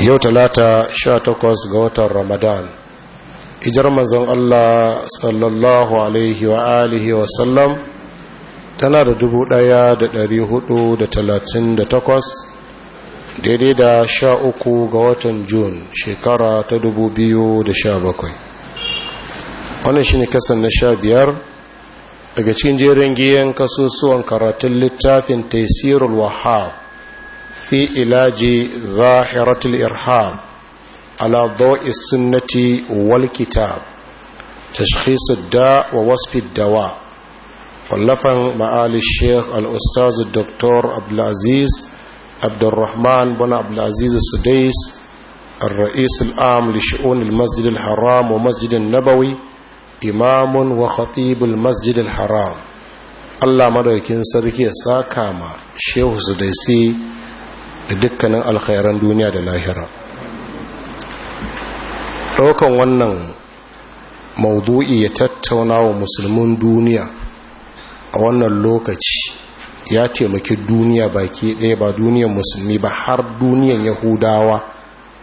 yau talata sha takwas ga watan ramadan ijar manzon Allah sallallahu alaihi wa alihi wa sallam tana da dubu daya da dari hudu da talatin da takwas daidai da sha uku ga watan Jun shekara ta dubu biyu da sha bakwai wannan shi ne kasan na sha biyar daga cikin jerin giyan kasusuwan karatun littafin taisirul wahab fi ilaji zahiratul irham ala dawi sunnati wal kitab tashkhis wa wasf ad-dawa wallafan ma'ali sheikh al-ustaz dr abdul aziz abdul rahman bin abdul aziz sudais الرئيس العام لشؤون المسجد الحرام ومسجد النبوي إمام وخطيب المسجد الحرام Allah madaukin sarki ya saka ma Shehu Sudaisi da dukkanin alkhairan duniya da lahira ɗaukan wannan maudu'i ya tattauna wa musulmin duniya a wannan lokaci ya taimaki duniya baki ɗaya ba duniyan musulmi ba har duniyan yahudawa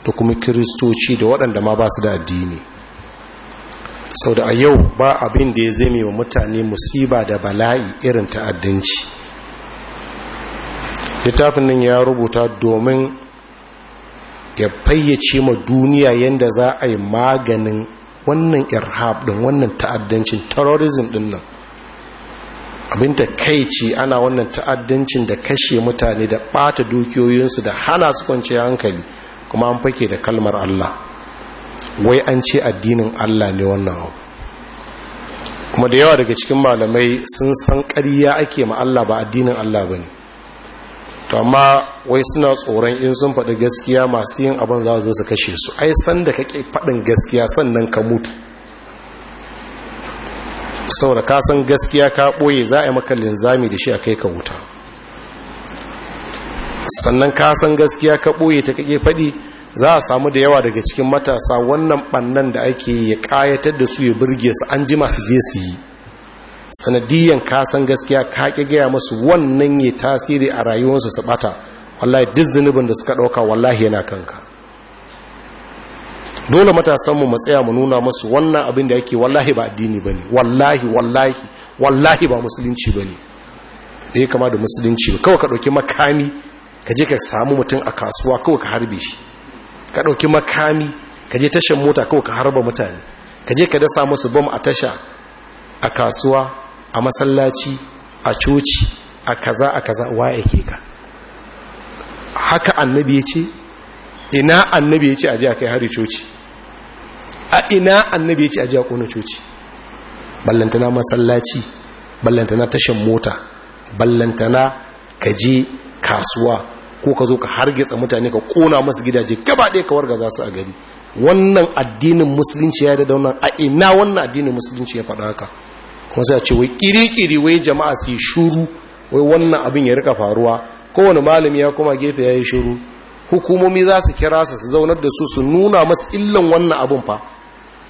da kuma kiristoci da waɗanda ma ba su da addini sau da a yau ba abin da ya zame wa mutane musiba da bala'i irin ta'addanci littafin nan ya rubuta domin ya fayyace ma duniya yadda za a yi maganin wannan irhab din wannan ta'addancin terrorism din nan abin ta kai ce ana wannan ta'addancin da kashe mutane da ɓata dukiyoyinsu da hana su kwanci hankali kuma an fake da kalmar Allah wai an ce addinin Allah ne wannan abu kuma da yawa daga cikin malamai sun san ƙarya ake ma Allah ba addinin Allah ba ne to amma wai suna tsoron in sun faɗi gaskiya masu yin abin za zo su kashe su ai sanda kake faɗin gaskiya sannan ka mutu saboda ka san gaskiya ka ɓoye za a yi maka linzami da shi a kai ka wuta sannan ka san gaskiya ka ɓoye ta kake faɗi za a samu da yawa daga cikin matasa wannan ɓannan da ake ya ƙayatar da su ya burge su an ji masu je su yi sanadiyan kasan gaskiya ka gaya musu wannan ya tasiri a rayuwarsu su bata wallahi duk zunubin da suka ɗauka wallahi yana kanka dole matasanmu mu tsaya mu nuna masu wannan abin da yake wallahi ba addini ba ne wallahi wallahi wallahi ba musulunci ba ne da ya kama da musulunci ba kawai ka ɗauki makami ka je ka samu mutum a kasuwa kawai ka harbe shi ka ɗauki makami ka je tashan mota kawai ka harba mutane ka je ka dasa masu bam a tasha a kasuwa a masallaci a coci a kaza a kaza wa yake ka haka annabi ya ce ina annabi ya ce a ji a kai hari coci a ina annabi ya ce a ji a kona coci ballantana masallaci ballantana tashin mota ballantana ka je kasuwa ko ka zo ka hargitsa mutane ka kona masu gidaje gaba ɗaya kawar ga za su a gari wannan addinin musulunci ya da daunan a ina wannan addinin musulunci ya faɗa haka sai ya ce wai kirikiri wai jama'a su yi shuru wai wannan abin ya rika faruwa kowane malami ya kuma gefe ya yi shuru hukumomi za su kira su su zaunar da su su nuna masu illan wannan abin fa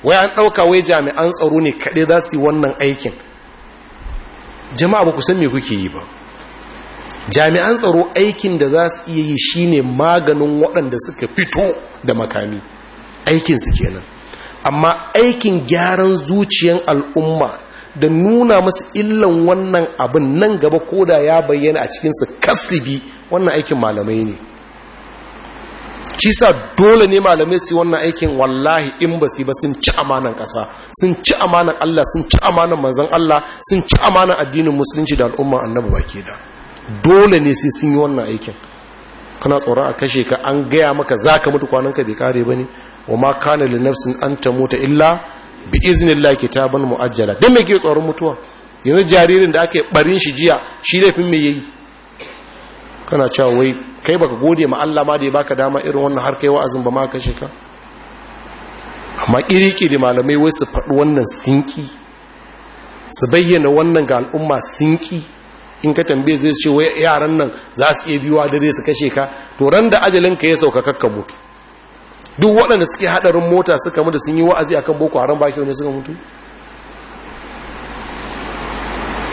wai an ɗauka wai jami'an tsaro ne kaɗai za su yi wannan aikin jama'a ba ku san me kuke yi ba jami'an tsaro aikin da za su iya yi shine maganin waɗanda suka fito da makami aikinsu kenan amma aikin gyaran zuciyan al'umma da nuna musu illan wannan abin nan gaba koda ya bayyana a cikinsu kasibi wannan aikin malamai ne shi sa dole ne malamai su wannan aikin wallahi in ba su ba sun ci amanan ƙasa sun ci amanan Allah sun ci amanan manzan Allah sun ci amanan addinin musulunci da al'umma annabi baki da dole ne sai sun yi wannan aikin kana tsoron a kashe ka an gaya maka za ka mutu ka bai kare ba ne wa ma kana li an ta mota illa bi iznillah kitaban muajjala dan me ke tsoron mutuwa yanzu jaririn da aka barin shi jiya shi laifin me yayi kana cewa wai kai baka gode ma Allah ma da ya baka dama irin wannan har kai wa'azin ba ma ka shika amma da malamai wai su faɗi wannan sinki su bayyana wannan ga al'umma sinki in ka tambaye zai ce wai yaran nan za su iya biyuwa dare su kashe ka to ran da ajalin ka ya sauka kakka mutu duk waɗanda suke haɗarin mota suka da sun yi wa'azi akan boko haram baki wani suka mutu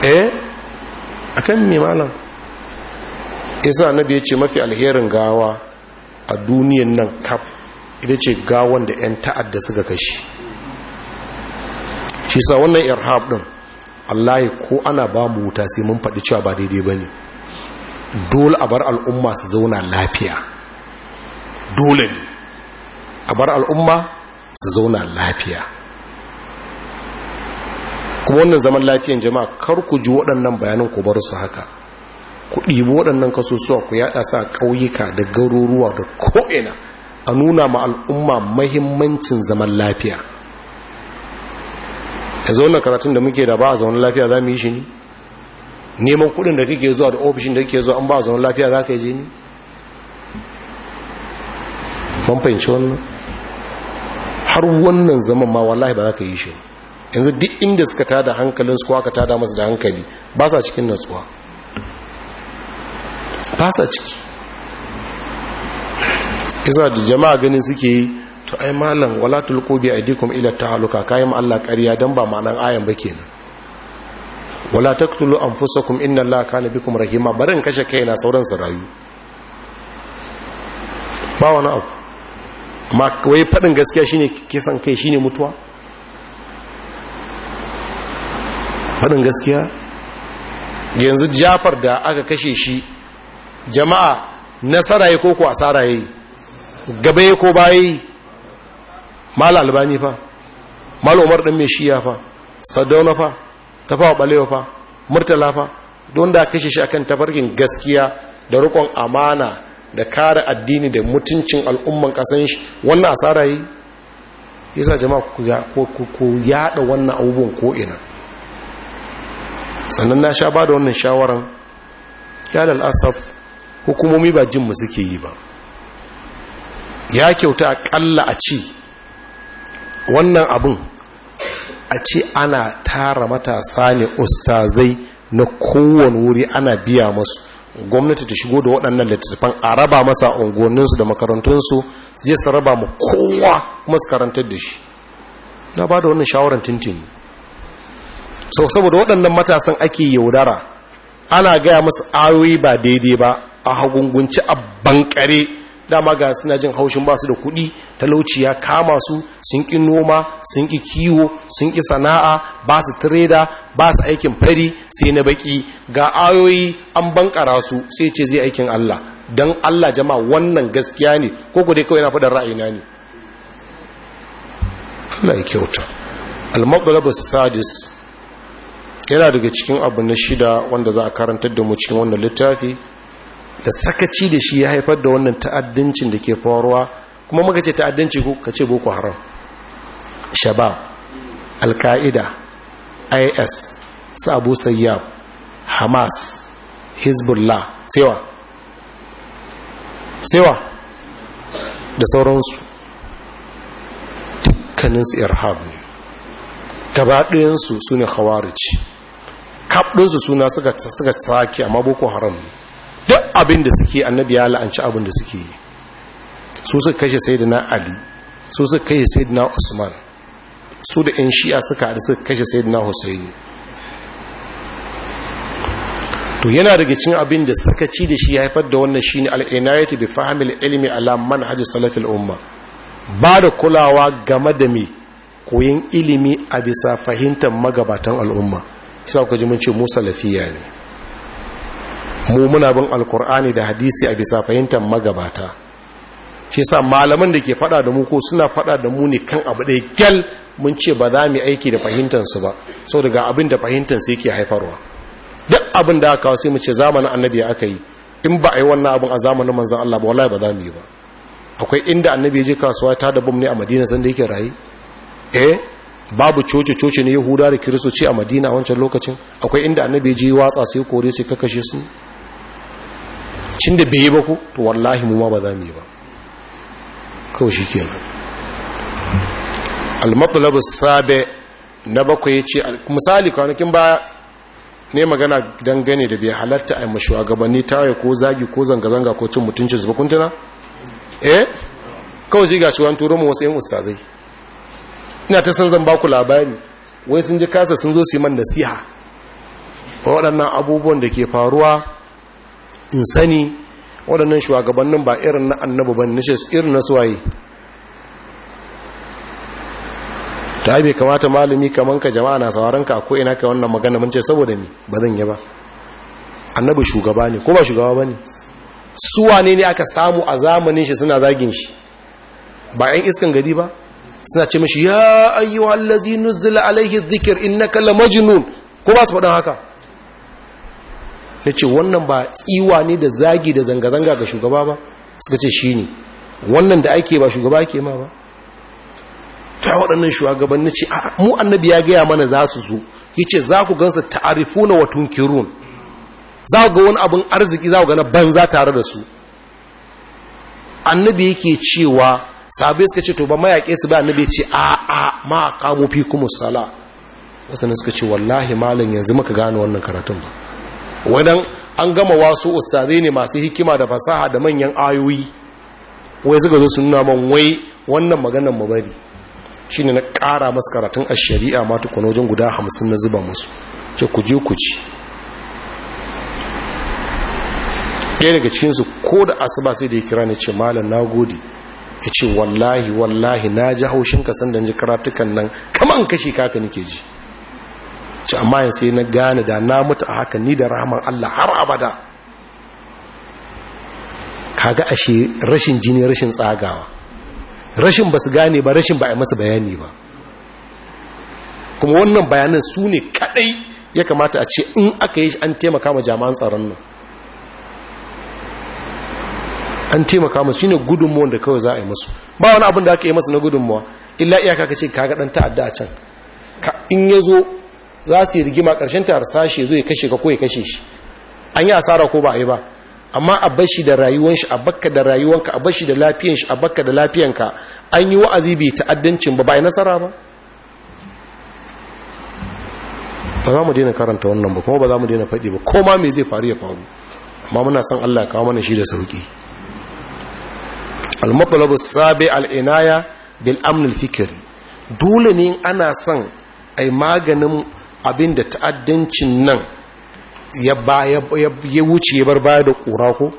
eh akan me Ya isa na ya ce mafi alherin gawa a duniyan nan kaf ita ce gawan da 'yan ta'adda suka kashi shi sa wannan irhab ɗin allahi ko ana ba mu wuta sai mun faɗi cewa ba daidai ba ne dole a bar al'umma su zauna lafiya dole ne a bar al'umma su zauna lafiya kuma wannan zaman lafiyan jama'a kar ku ji waɗannan bayanin ku bar su haka ku ɗibi waɗannan kasusuwa ku yaɗa sa ƙauyuka da garuruwa da ko'ina a nuna ma al'umma mahimmancin zaman lafiya ya zauna karatun da muke da ba a zaman lafiya za mu yi shi ne neman kuɗin da kake zuwa da ofishin da kake zuwa an ba a zaman lafiya za ka yi je ne mun fahimci wannan har wannan zaman ma wallahi ba za ka yi shi yanzu duk inda suka tada hankalin su kwaka tada masu da hankali ba sa cikin natsuwa ba sa ciki isa da jama'a ganin suke yi to ai malam wala tulqu bi aidikum ila ta'aluka kayan Allah ƙarya don ba ma'anan ayan ba kenan wala taqtulu anfusakum inna Allaha kana bikum rahima barin kashe kaina sauran su rayu ba wani abu ma wai faɗin gaskiya shine kisan kai shine mutuwa faɗin gaskiya yanzu jafar da aka kashe shi jama'a nasara ya koko asara ya gaba ya ko baya yi mala albani fa mala umar ɗin mai shiya fa sadauna fa tafawa ɓalewa fa murtala fa don da kashe shi akan tafarkin gaskiya da rikon amana da kare addini da mutuncin al'umman kasan shi wannan asara yi yasa jama'a ku yada wannan abubuwan ko'ina sannan na sha ba da wannan shawaran ya da asaf hukumomi ba jin mu suke yi ba ya kyauta akalla a ci wannan abin a ce ana tara matasa ne ustazai na kowane wuri ana biya masu gwamnati ta shigo da waɗannan littattafan a raba masa unguwanninsu da makarantunsu su je su raba mu kowa kuma su karantar da shi na ba da wannan shawarar tintin so saboda waɗannan matasan ake yaudara ana gaya masu ayoyi ba daidai ba a hagungunci a bankare dama ga suna jin haushin basu da kuɗi talauciya kama su sun ƙi noma sun ƙi kiwo sun ƙi sana'a ba su tireda ba su aikin fari sai na baki ga ayoyi an bankara su sai ce zai aikin Allah don Allah jama wannan gaskiya ne ko ku dai kawai na faɗin ra'ayina ne Allah ya kyauta al sadis yana daga cikin abu na shida wanda za a karantar da mu cikin wannan littafi da sakaci da shi ya haifar da wannan ta'addancin da ke faruwa kuma muka ce ta'addanci ko ka ce boko haram shabab al-qaida is su abu sayyab hamas hezbollah sewa sewa da sauransu dukkaninsu irhab ne gabaɗayansu su ne hawarici. kaɗinsu suna suka tsaki amma boko haram ne abin da suke annabi ya la'anci abin da suke yi su suka kashe sayyidina ali su suka kashe sayyidina usman su da yan shi'a suka haɗu suka kashe sayyidina husaini to yana daga cikin abin da ci da shi ya haifar da wannan shine al-inayati bi fahmil ilimi ala manhaj salaf al-umma ba da kulawa game da me koyin ilimi a bisa fahimtar magabatan al'umma kisa ku mun ce mu salafiya ne mu muna bin alkur'ani da hadisi a bisa fahimtar magabata shi sa malaman da ke fada da mu ko suna fada da mu ne kan abu ɗaya gyal mun ce ba za mu aiki da fahimtansu ba so daga abin da fahimtansu yake haifarwa duk abin da aka sai mu ce zamanin annabi aka yi in ba a yi wannan abin a zamanin manzan Allah ba wallahi ba za mu yi ba akwai inda annabi ya je kasuwa ta da bum ne a madina sanda yake rayu eh babu coci-coci ne yahuda da kiristoci a madina wancan lokacin akwai inda annabi ya je watsa sai kore sai kakashe su lokacin da bai yi ba ku to wallahi mu ma ba za mu yi ba kawai shi kenan al-matlab sabe na bakwai ce misali kwanakin ba ne magana dangane da bai halatta a ta tawaye ko zagi ko zanga-zanga ko cin mutuncin su bakuntuna eh kawai shi shi wani turo mu wasu yan ustazai ina ta san zan baku labari wai sun ji kasa sun zo su yi man nasiha waɗannan abubuwan da ke faruwa in sani waɗannan shugabannin ba irin na annabu ba nishe irin na suwaye ta bai kamata malami kaman ka jama'a na sauran ka ko ina ka wannan magana mun ce saboda ni ba zan yi ba annabi shugaba ne ko ba shugaba ba ne suwa ne aka samu a zamanin shi suna zagin shi ba yan iskan gari ba suna ce mashi ya ayyuhallazi ladzi nuzila alaihi dhikr innaka lamajnun ko ba su faɗin haka na ce wannan ba tsiwa ne da zagi da zanga-zanga ga shugaba ba suka ce shi ne wannan da ake ba shugaba ke ma ba ta waɗannan shugaban na ce mu annabi ya gaya mana za su zo ya ce za ku gansa ta'arifuna wa kirun za ku ga wani abin arziki za ku gana banza tare da su annabi yake cewa sabai suka ce to ba mayaƙe su ba annabi ce a a ma a kamo fi kuma sala wasu suka ce wallahi malam yanzu maka gane wannan karatun ba wadan an gama wasu ustazai ne masu hikima da fasaha da manyan ayoyi wai suka zo sun nuna man wai wannan maganar mu bari shine na ƙara masu karatun a shari'a ma tukuna wajen guda hamsin na zuba musu ce ku je ku ci ɗaya daga cikinsu ko da asuba sai da ya kira ne ce malam na gode ya ce wallahi wallahi na ji haushin kasan da ji karatukan nan kaman kashi kaka nike ji ce amma yin sai na gane da na mutu a haka ni da rahaman Allah har abada kaga ashe rashin jini rashin tsagawa rashin ba su gane ba rashin ba a masa bayani ba kuma wannan bayanan su ne kadai ya kamata a ce in aka yi an taimaka ma jami'an tsaron nan an taimaka masu ne gudunmuwan da kawai za a yi masu ba wani abin da aka yi masu na gudunmuwa illa iyaka ka ce kaga dan ta'adda a can in ya zo za su yi rigima ƙarshen ta harsashe zo ya kashe ka ko ya kashe shi an yi asara ko ba a yi ba amma a bashi da rayuwan shi a bakka da rayuwanka a bashi da lafiyan shi a bakka da lafiyanka an yi wa'azi bai ta'addancin ba ba nasara ba ba za mu daina karanta wannan ba kuma ba za mu daina faɗi ba ko ma me zai faru ya faru amma muna son Allah ya kawo mana shi da sauki al-matlabu sabi al-inaya bil amn al-fikri dole ne ana son ai maganin Abin da ta'addancin nan ya wuce ya bar baya da ƙura ko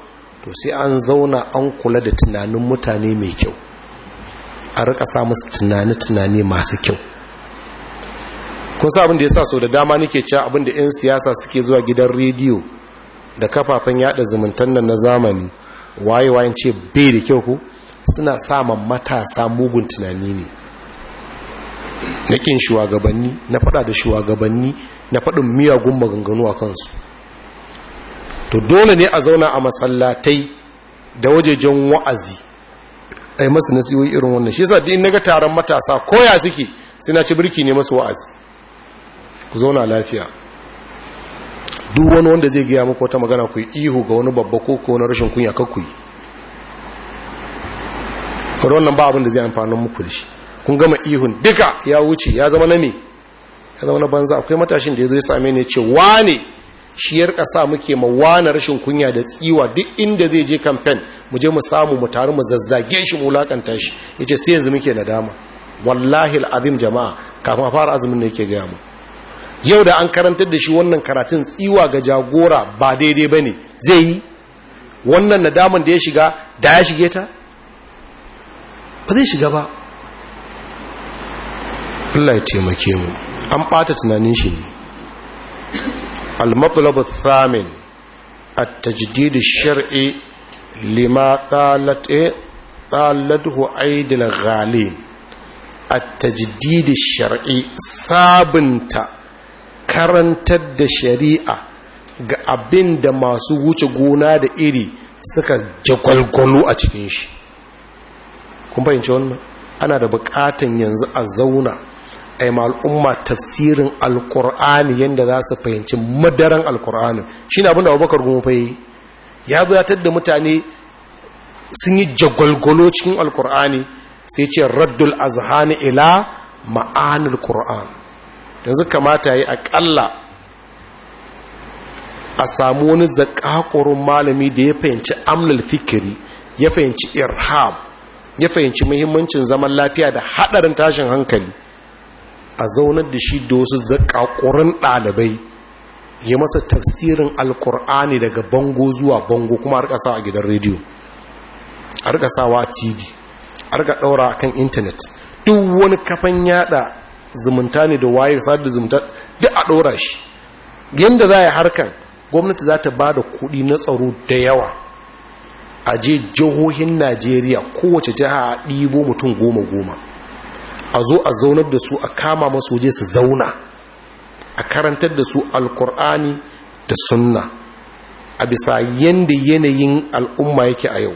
to sai an zauna an kula da tunanin mutane mai kyau a rika sa musu tunani-tunani masu kyau kun sa abin da ya sa so da dama nake cewa abin da 'yan siyasa suke zuwa gidan rediyo da kafafen yada zumuntan nan na zamani waye wayan ce bai da kyau ku suna samun matasa mugun tunani ne na ƙin shugabanni na faɗa da shugabanni na faɗin miyagun maganganu a kansu to dole ne a zauna a masallatai da wajejen wa'azi ai masu nasiyoyi irin wannan shi yasa din naga taron matasa koya suke suna ci birki ne masu wa'azi ku zauna lafiya duk wani wanda zai gaya muku wata magana ku ihu ga wani babba ko ko wani rashin kunya kakku yi wannan ba abin da zai amfanin muku da shi kun gama ihun duka ya wuce ya zama na me ya zama na banza akwai matashin da ya zo ya same ne ce wane shi ya rika muke ma wane rashin kunya da tsiwa duk inda zai je kamfen mu je mu samu mu taru mu zazzage shi mu lakanta shi ya ce sai yanzu muke nadama wallahi alazim jama'a kafin fara azumin ne yake gaya mu yau da an karantar da shi wannan karatun tsiwa ga jagora ba daidai ba ne zai yi wannan nadaman da ya shiga da ya shige ta ba zai shiga ba Allah ya taimake mu an ɓata tunanin shi ne al-matlab al-thamin at-tajdid ash-shar'i lima qalat talathu eh, aid ghalin at-tajdid ash-shar'i sabunta karantar da shari'a ga abin da masu wuce gona da iri suka jagwalgwalo a cikin shi kun fahimci wannan ana da bukatan yanzu a zauna a ma al'umma tafsirin alkur'ani yadda za su fahimci madaran alkur'ani shi ne abinda abubakar gumu fahimci. ya zatar da mutane sun yi jagwalgwalo cikin alkur'ani sai ce raddul azhani ila ma'anil kur'an su kamata yi akalla a samu wani zakakurin malami da ya fahimci amnal fikiri ya fahimci irham, ya fahimci muhimmancin zaman lafiya da haɗarin tashin hankali a zaunar da shi da wasu zakakurin ɗalibai ya masa tafsirin alkur'ani daga bango zuwa bango kuma a sawa a gidan rediyo a rikasawa a tv a rika ɗaura kan intanet duk wani kafan yada zumunta ne da wayar sadar zumunta duk a ɗora shi yadda za a yi harkan gwamnati za ta ba da kuɗi na tsaro da yawa a je jihohin najeriya kowace jiha a ɗibo mutum goma-goma a zo a zaunar da su a kama masu je su zauna a karantar da su alkur'ani da sunna a bisa yadda yanayin al'umma yake a yau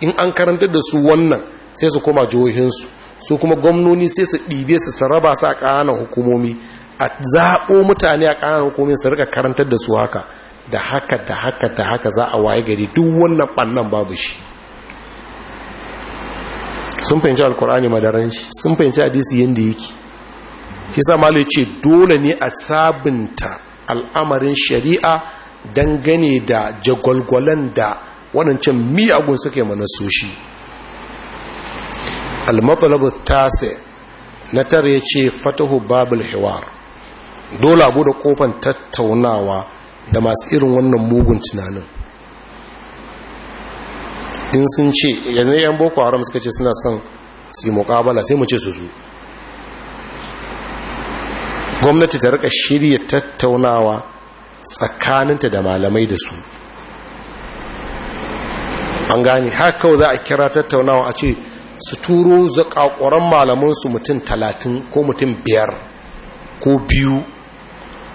in an karantar da su wannan sai su koma jihohinsu su kuma gwamnoni sai su ɗibe su saraba su a ƙananan hukumomi a zaɓo mutane a ƙananan hukumomi su rika karantar da su haka da haka da haka da haka za a waye gari duk wannan ɓannan babu shi sun fahimci alkur'ani madaran sun fahimci hadisi yadda yake shi sa malu ce dole ne a sabinta al'amarin shari'a dangane da jagwalgwalan da waɗancan miyagun suke manasoshi al-matsalabu tase na tare ya ce fatahu babul hewar dole abu da kofan tattaunawa da masu irin wannan mugun tunanin in sun ce yanzu yan boko haram suka ce suna son su yi muƙabala sai mu ce su zu gwamnati ta rika shirya tattaunawa tsakaninta da malamai da su an gane haka za a kira tattaunawa a ce su turo zakakuran malamansu mutum talatin ko mutum biyar ko biyu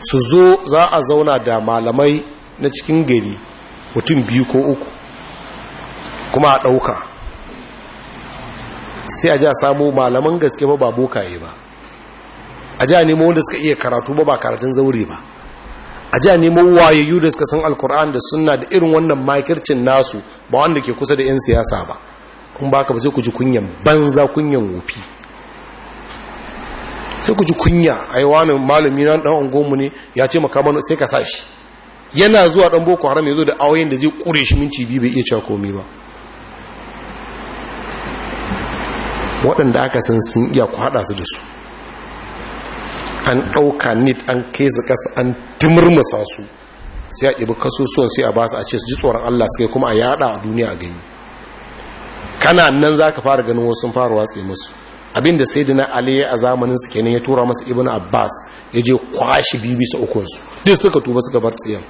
su zo za a zauna da malamai na cikin gari mutum biyu ko uku kuma a ɗauka sai a ja samu malaman gaske ba bokaye ba a ja nemo wanda suka iya karatu ba ba karatun zaure ba a ja nemo wayayyu da suka san alkur'an da sunna da irin wannan makircin nasu ba wanda ke kusa da 'yan siyasa ba kun ba ka ba sai ku ji kunyan banza kunyan wofi sai ku ji kunya a yi wani malami na ɗan ungonmu ne ya ce makamanu sai ka sa shi yana zuwa ɗan boko haram ya zo da awayin da zai ƙure shi minci biyu bai iya cakomi ba waɗanda aka san sun iya kwada su da su an ɗauka nit an kai su ƙasa an timurmasa su sai a ɗibi kasusuwan sai a ba su a ce su ji tsoron allah su kai kuma a yada a duniya a gani kana nan za ka fara ganin wasu fara watsi musu abinda sai da na ali a zamanin su kenan ya tura masa ibn abbas ya je kwashi bibi sa ukunsu duk suka tuba suka bar tsiyan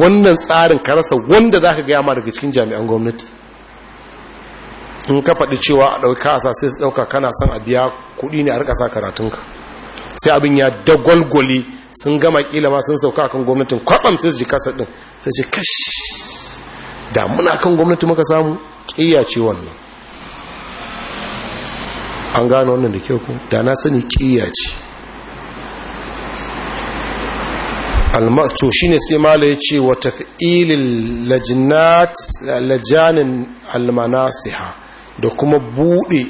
wannan tsarin karasa wanda za ka gaya ma daga cikin jami'an gwamnati in ka faɗi cewa a ɗauka a sai su ɗauka kana son a biya kuɗi ne a rika sa karatunka sai abin ya dagwalgwali sun gama ƙila ma sun sauka kan gwamnatin kwaɓam sai su ji kasa ɗin sai su kashi da muna kan gwamnati muka samu ƙiya ce wannan an gano wannan da kyau ku da na sani ƙiya ce to shi ne sai mala ya ce wata fi'ilin lajanin almanasiha da kuma buɗe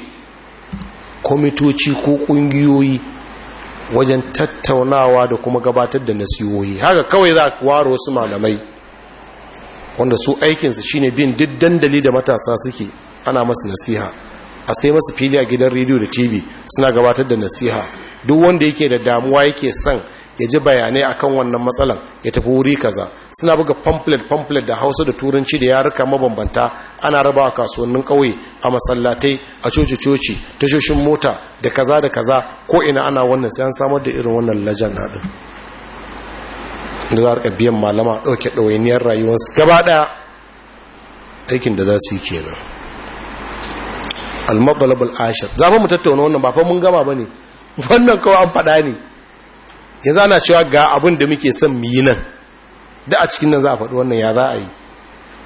kwamitoci ko ƙungiyoyi wajen tattaunawa da kuma gabatar da nasihohi haka kawai za a ware wasu malamai wanda su aikinsu shine bin duk dandali da matasa suke ana masu nasiha a sai masu fili a gidan rediyo da tv suna gabatar da nasiha duk wanda yake da damuwa yake son ya ji bayanai kan wannan matsalan ya tafi wuri kaza suna buga pamphlet pamphlet da hausa da turanci da yaruka mabambanta ana raba a kasuwannin ƙauye a masallatai a coci-coci tashoshin mota da kaza da kaza ko ina ana wannan sai an samar da irin wannan lajan haɗin da za a biyan malama ɗauke ɗawainiyar rayuwarsu gaba ɗaya aikin da za su yi kenan al-matsalabal ashir za mu tattauna wannan ba fa mun gama ba ne wannan kawai an faɗa ne yanzu ana cewa ga abin da muke son mu yi nan da a cikin nan za a faɗi wannan ya za a yi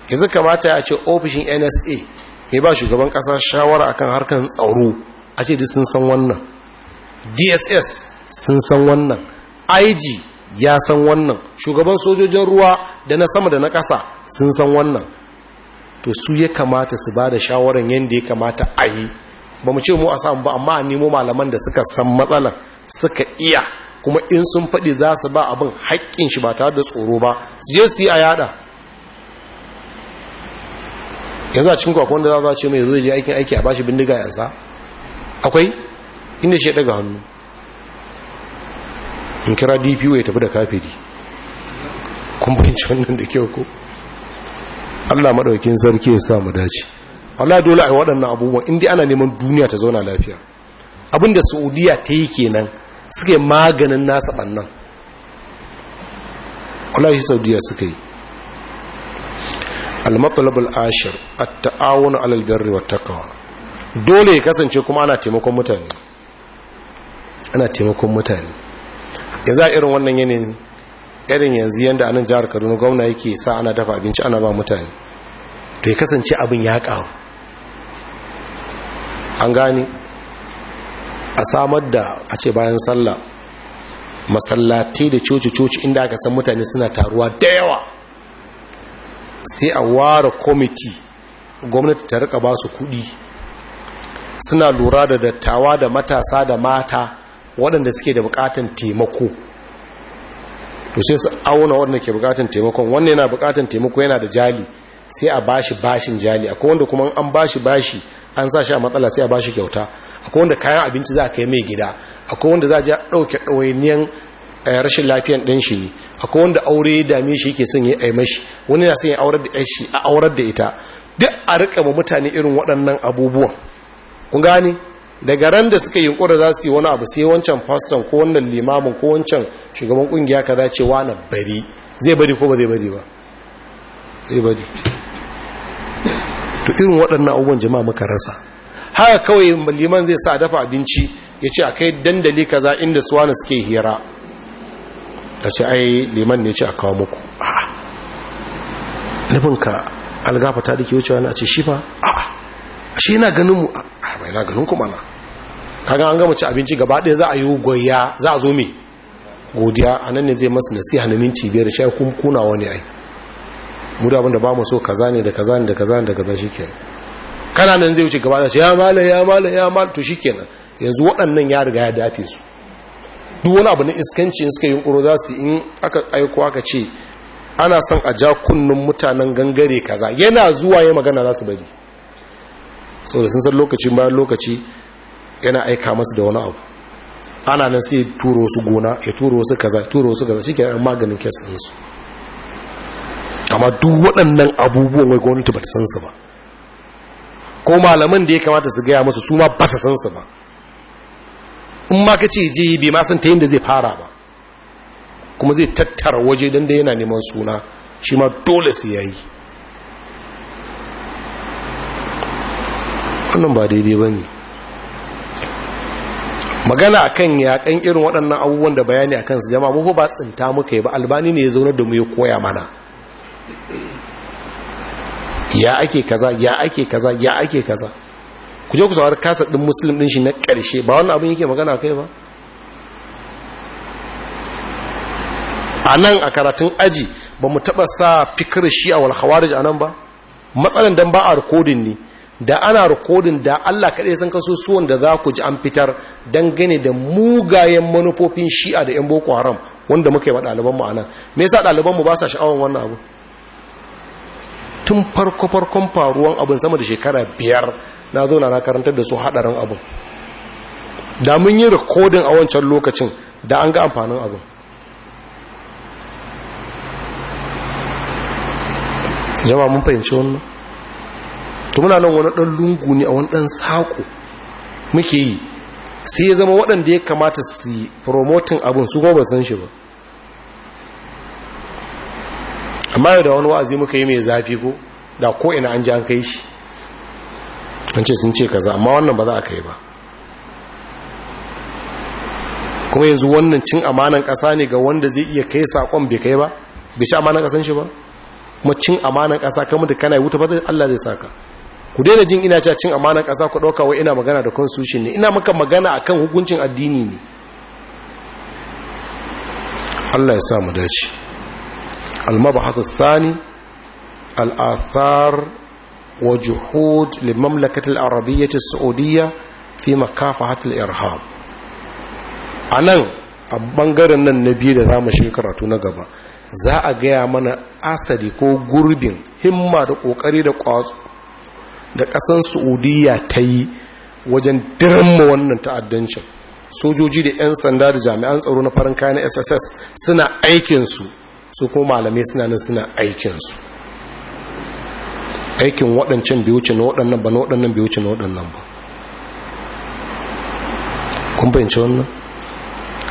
yanzu kamata ya ce ofishin nsa mai ba shugaban ƙasa shawara akan harkar tsaro a ce duk sun san wannan dss sun san wannan ig ya san wannan shugaban sojojin ruwa da na sama da na ƙasa sun san wannan to su ya kamata su ba da shawarar yadda ya kamata a yi ba mu ce mu a samu ba amma a nemo malaman da suka san matsalan suka iya kuma in sun faɗi za su ba abin haƙƙin shi ba tare da tsoro ba su je su yi a yada yanzu a cikin kwakwanda za a ce mai zo je aikin aiki a bashi bindiga yansa akwai inda shi daga hannu in kira dpo ya tafi da kafiri kun bayanci wannan da kyau ko allah maɗaukin sarki ya sa mu dace allah dole a yi waɗannan abubuwan inda ana neman duniya ta zauna lafiya abinda saudiya ta yi kenan suke maganin nasa bannan kula shi saudiya suka yi almatsalabal ashir a ta'awun alalbarri wata kawa dole ya kasance kuma ana taimakon mutane ana taimakon mutane yanzu a irin wannan yanayin irin yanzu yadda anan jihar kaduna gwamna yake sa ana dafa abinci ana ba mutane to ya kasance abin ya kawo an gani a samar da a ce bayan sallah masallatai da coci-coci inda aka san mutane suna taruwa da yawa sai a ware kwamiti gwamnati ta rika ba su kudi suna lura da dattawa da matasa da mata waɗanda suke da bukatan taimako to sai su auna waɗanda ke bukatan taimakon wannan yana bukatan taimako yana da jali sai a bashi bashin jali akwai wanda kuma an bashi bashi an sa shi a matsala sai a bashi kyauta akwai wanda kayan abinci za a kai mai gida akwai wanda za a ɗauke ɗawainiyan eh, rashin lafiyan dan shi akwai wanda aure ya dame shi yake son ya ai mashi wani na son ya aurar da shi a aurar da ita duk a rika ma mutane irin waɗannan abubuwan Ku gane daga ran da suka yi ƙura za su yi wani abu sai wancan faston ko wannan limamin ko wancan shugaban ƙungiya kaza ce wani bari zai bari ko ba zai bari ba zai bari to irin waɗannan abubuwan jama'a muka rasa haka kawai liman zai sa dafa abinci ya ce a kai dandali kaza inda suwanu suke hira ta ce ai liman ne ce a kawo muku nufinka algafa da dake wucewa na ce shi fa shi yana ganin mu a bai na ganin kuma na kaga an gama ci abinci gaba ɗaya za a yi goya za a zo mai godiya a nan ne zai masu nasiha na minti biyar shi kuna wani ai mu da ba mu so kaza ne da kaza ne da kaza ne da kaza shi kenan kana nan zai wuce gaba da ya mala ya mala ya mala to shikenan yanzu waɗannan ya riga ya dafe su duk wani abu na iskanci in suka yi yunkuro za su in aka aiko aka ce ana son a ja kunnen mutanen gangare kaza yana zuwa ya magana za su bari da sun san lokaci bayan lokaci yana aika masu da wani abu ana nan sai turo su gona ya turo su kaza turo su kaza shike maganin kes su amma duk waɗannan abubuwan wai gwamnati ba ta san su ba ko malaman da ya kamata su gaya masu su ma ba su san su ba in ma ka ce je bai ma san ta yadda zai fara ba kuma zai tattara waje don da yana neman suna shi ma dole su yayi wannan ba daidai ba ne magana akan ɗan irin waɗannan abubuwan da bayani a kansu jama'a ba tsinta muka yi ba albani ne ya zaunar da mu ya koya mana ya ake kaza ya ake kaza ya ake kaza ku je ku sawar kasa ɗin muslim din shi na ƙarshe ba wannan abin yake magana kai ba a nan a karatun aji ba mu taɓa sa fikir shi a da a nan ba matsalan don ba a rikodin ne da ana rikodin da allah kaɗai san kasusuwan da za ku ji an fitar don gane da mugayen manufofin shi'a da 'yan boko haram wanda muka yi wa ɗalibanmu a nan me yasa ɗalibanmu ba sa sha'awar wannan abu tun farko farkon faruwan abin sama da shekara biyar na zauna na karantar da su hadarin abin da mun yi rikodin a wancan lokacin da an ga amfanin abin jama mun fahimci wannan to muna nan wani ɗan lungu ne a wani ɗan saƙo muke yi sai ya zama waɗanda ya kamata su yi promoting abin su kuma ba san shi ba amma yau da wani wa'azi muka yi mai zafi ko da ko ina an ji an kai shi an ce sun ce kaza amma wannan ba za a kai ba kuma yanzu wannan cin amanan kasa ne ga wanda zai iya kai saƙon bai kai ba bai ci amanan kasan shi ba kuma cin amanan kasa kamar da kana wuta ba zai Allah zai saka ku daina jin ina cewa cin amanan kasa ku dauka wai ina magana da constitution ne ina maka magana akan hukuncin addini ne Allah ya sa mu dace المبحث الثاني الآثار وجهود للمملكة العربية السعودية في مكافحة الإرهاب أنا a bangaren nan na biyu da za mu na gaba za a gaya mana asali ko gurbin himma da ƙoƙari da ƙwatsu da ƙasan saudiya ta yi wajen diramma wannan ta'addancin sojoji da 'yan sanda da jami'an tsaro na farin kayan sss suna aikinsu su ko malamai suna nan suna aikinsu aikin waɗancan bai wuce na waɗannan ba na waɗannan bai wuce na waɗannan ba kun fahimci wannan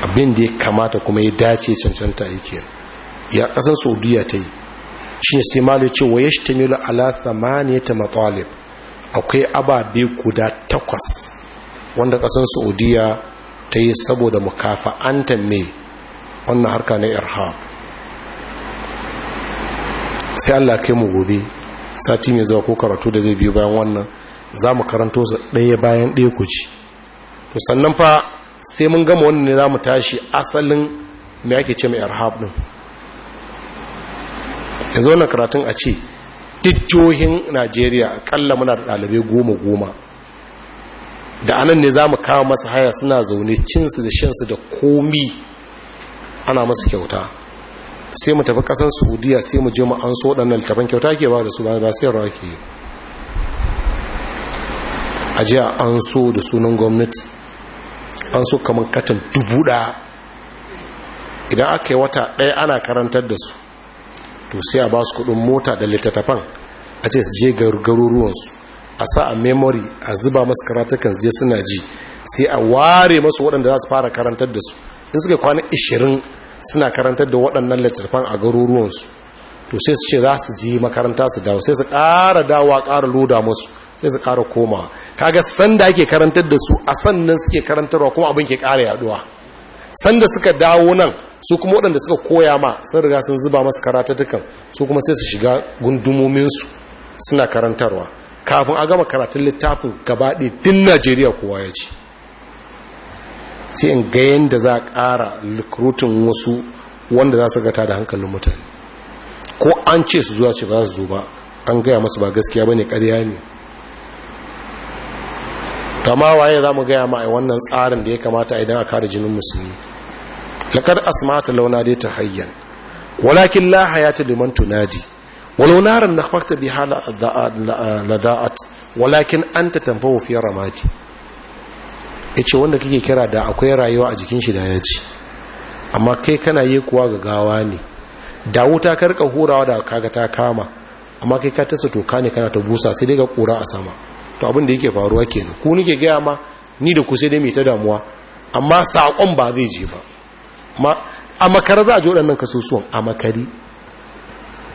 abin da ya kamata kuma ya dace cancanta aiki ya ƙasar saudiya ta yi shi ne sai malu ce wa shi ta tamilu ala matsalib akwai ababe guda takwas wanda ƙasar saudiya ta yi saboda mukafa'anta mai wannan harka na irhab sai Allah kai mu gobe sati mai zuwa ko karatu da zai biyo bayan wannan za mu karanto su ɗaya bayan ɗaya ku ci to sannan fa sai mun gama wannan ne za mu tashi asalin me ake ce mai arhab ɗin yanzu wannan karatun a ce dijjohin najeriya kalla muna da ɗalibai goma goma da anan ne za mu kawo masu haya suna zaune cinsu da shansu da komi ana masu kyauta sai mu tafi kasar saudiya sai mu je mu an so waɗannan littafan kyauta ke ba da su ba sai rawa ke a jiya an so da sunan gwamnati an so kamar katin dubu ɗaya idan aka yi wata ɗaya ana karantar da su to sai a ba su kudin mota da littattafan a ce su je garuruwansu a sa a memory a zuba masu karatukan je suna ji sai a ware masu waɗanda za su fara karantar da su in suka kwana suna karantar da waɗannan littattafan a garuruwansu to sai su ce za su ji makaranta su dawo sai su ƙara dawa ƙara loda musu sai su ƙara komawa kaga sanda ake karantar da su a sannan suke karantarwa kuma abin ke ƙara yaduwa sanda suka dawo nan su kuma waɗanda suka koya ma sun riga sun zuba masu karatattukan su kuma sai su shiga gundumominsu suna karantarwa kafin a gama karatun littafin ɗaya din najeriya kowa ya ci sai in ga yadda za a ƙara likrutin wasu wanda za su gata da hankalin mutane ko an ce su zuwa ce ba su zo ba an gaya masu ba gaskiya ba ne ƙarya ne kama waye za mu gaya ma a wannan tsarin da ya kamata idan a kare jinin musulmi lakar asmata launa dai ta hayyan walakin lahaya ta liman tunadi walau na fakta bi hala da'at walakin an ta tanfahu fi ramati ya ce wanda kake kira da akwai rayuwa a jikin shi da ya ci amma kai kana yi kuwa ga gawa ne da wuta karka hurawa da kaga ta kama amma kai ka tasa toka ne kana ta busa sai dai ga kura a sama to abin da yake faruwa kenan ku nike gaya ma ni da ku sai dai mai ta damuwa amma saƙon ba zai je ba a makara za a ji waɗannan kasusuwan a makari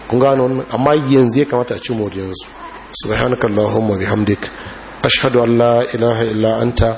kun gano wannan amma yanzu ya kamata a ci moriyarsu subhanakallahumma bihamdik ashhadu an la ilaha illa anta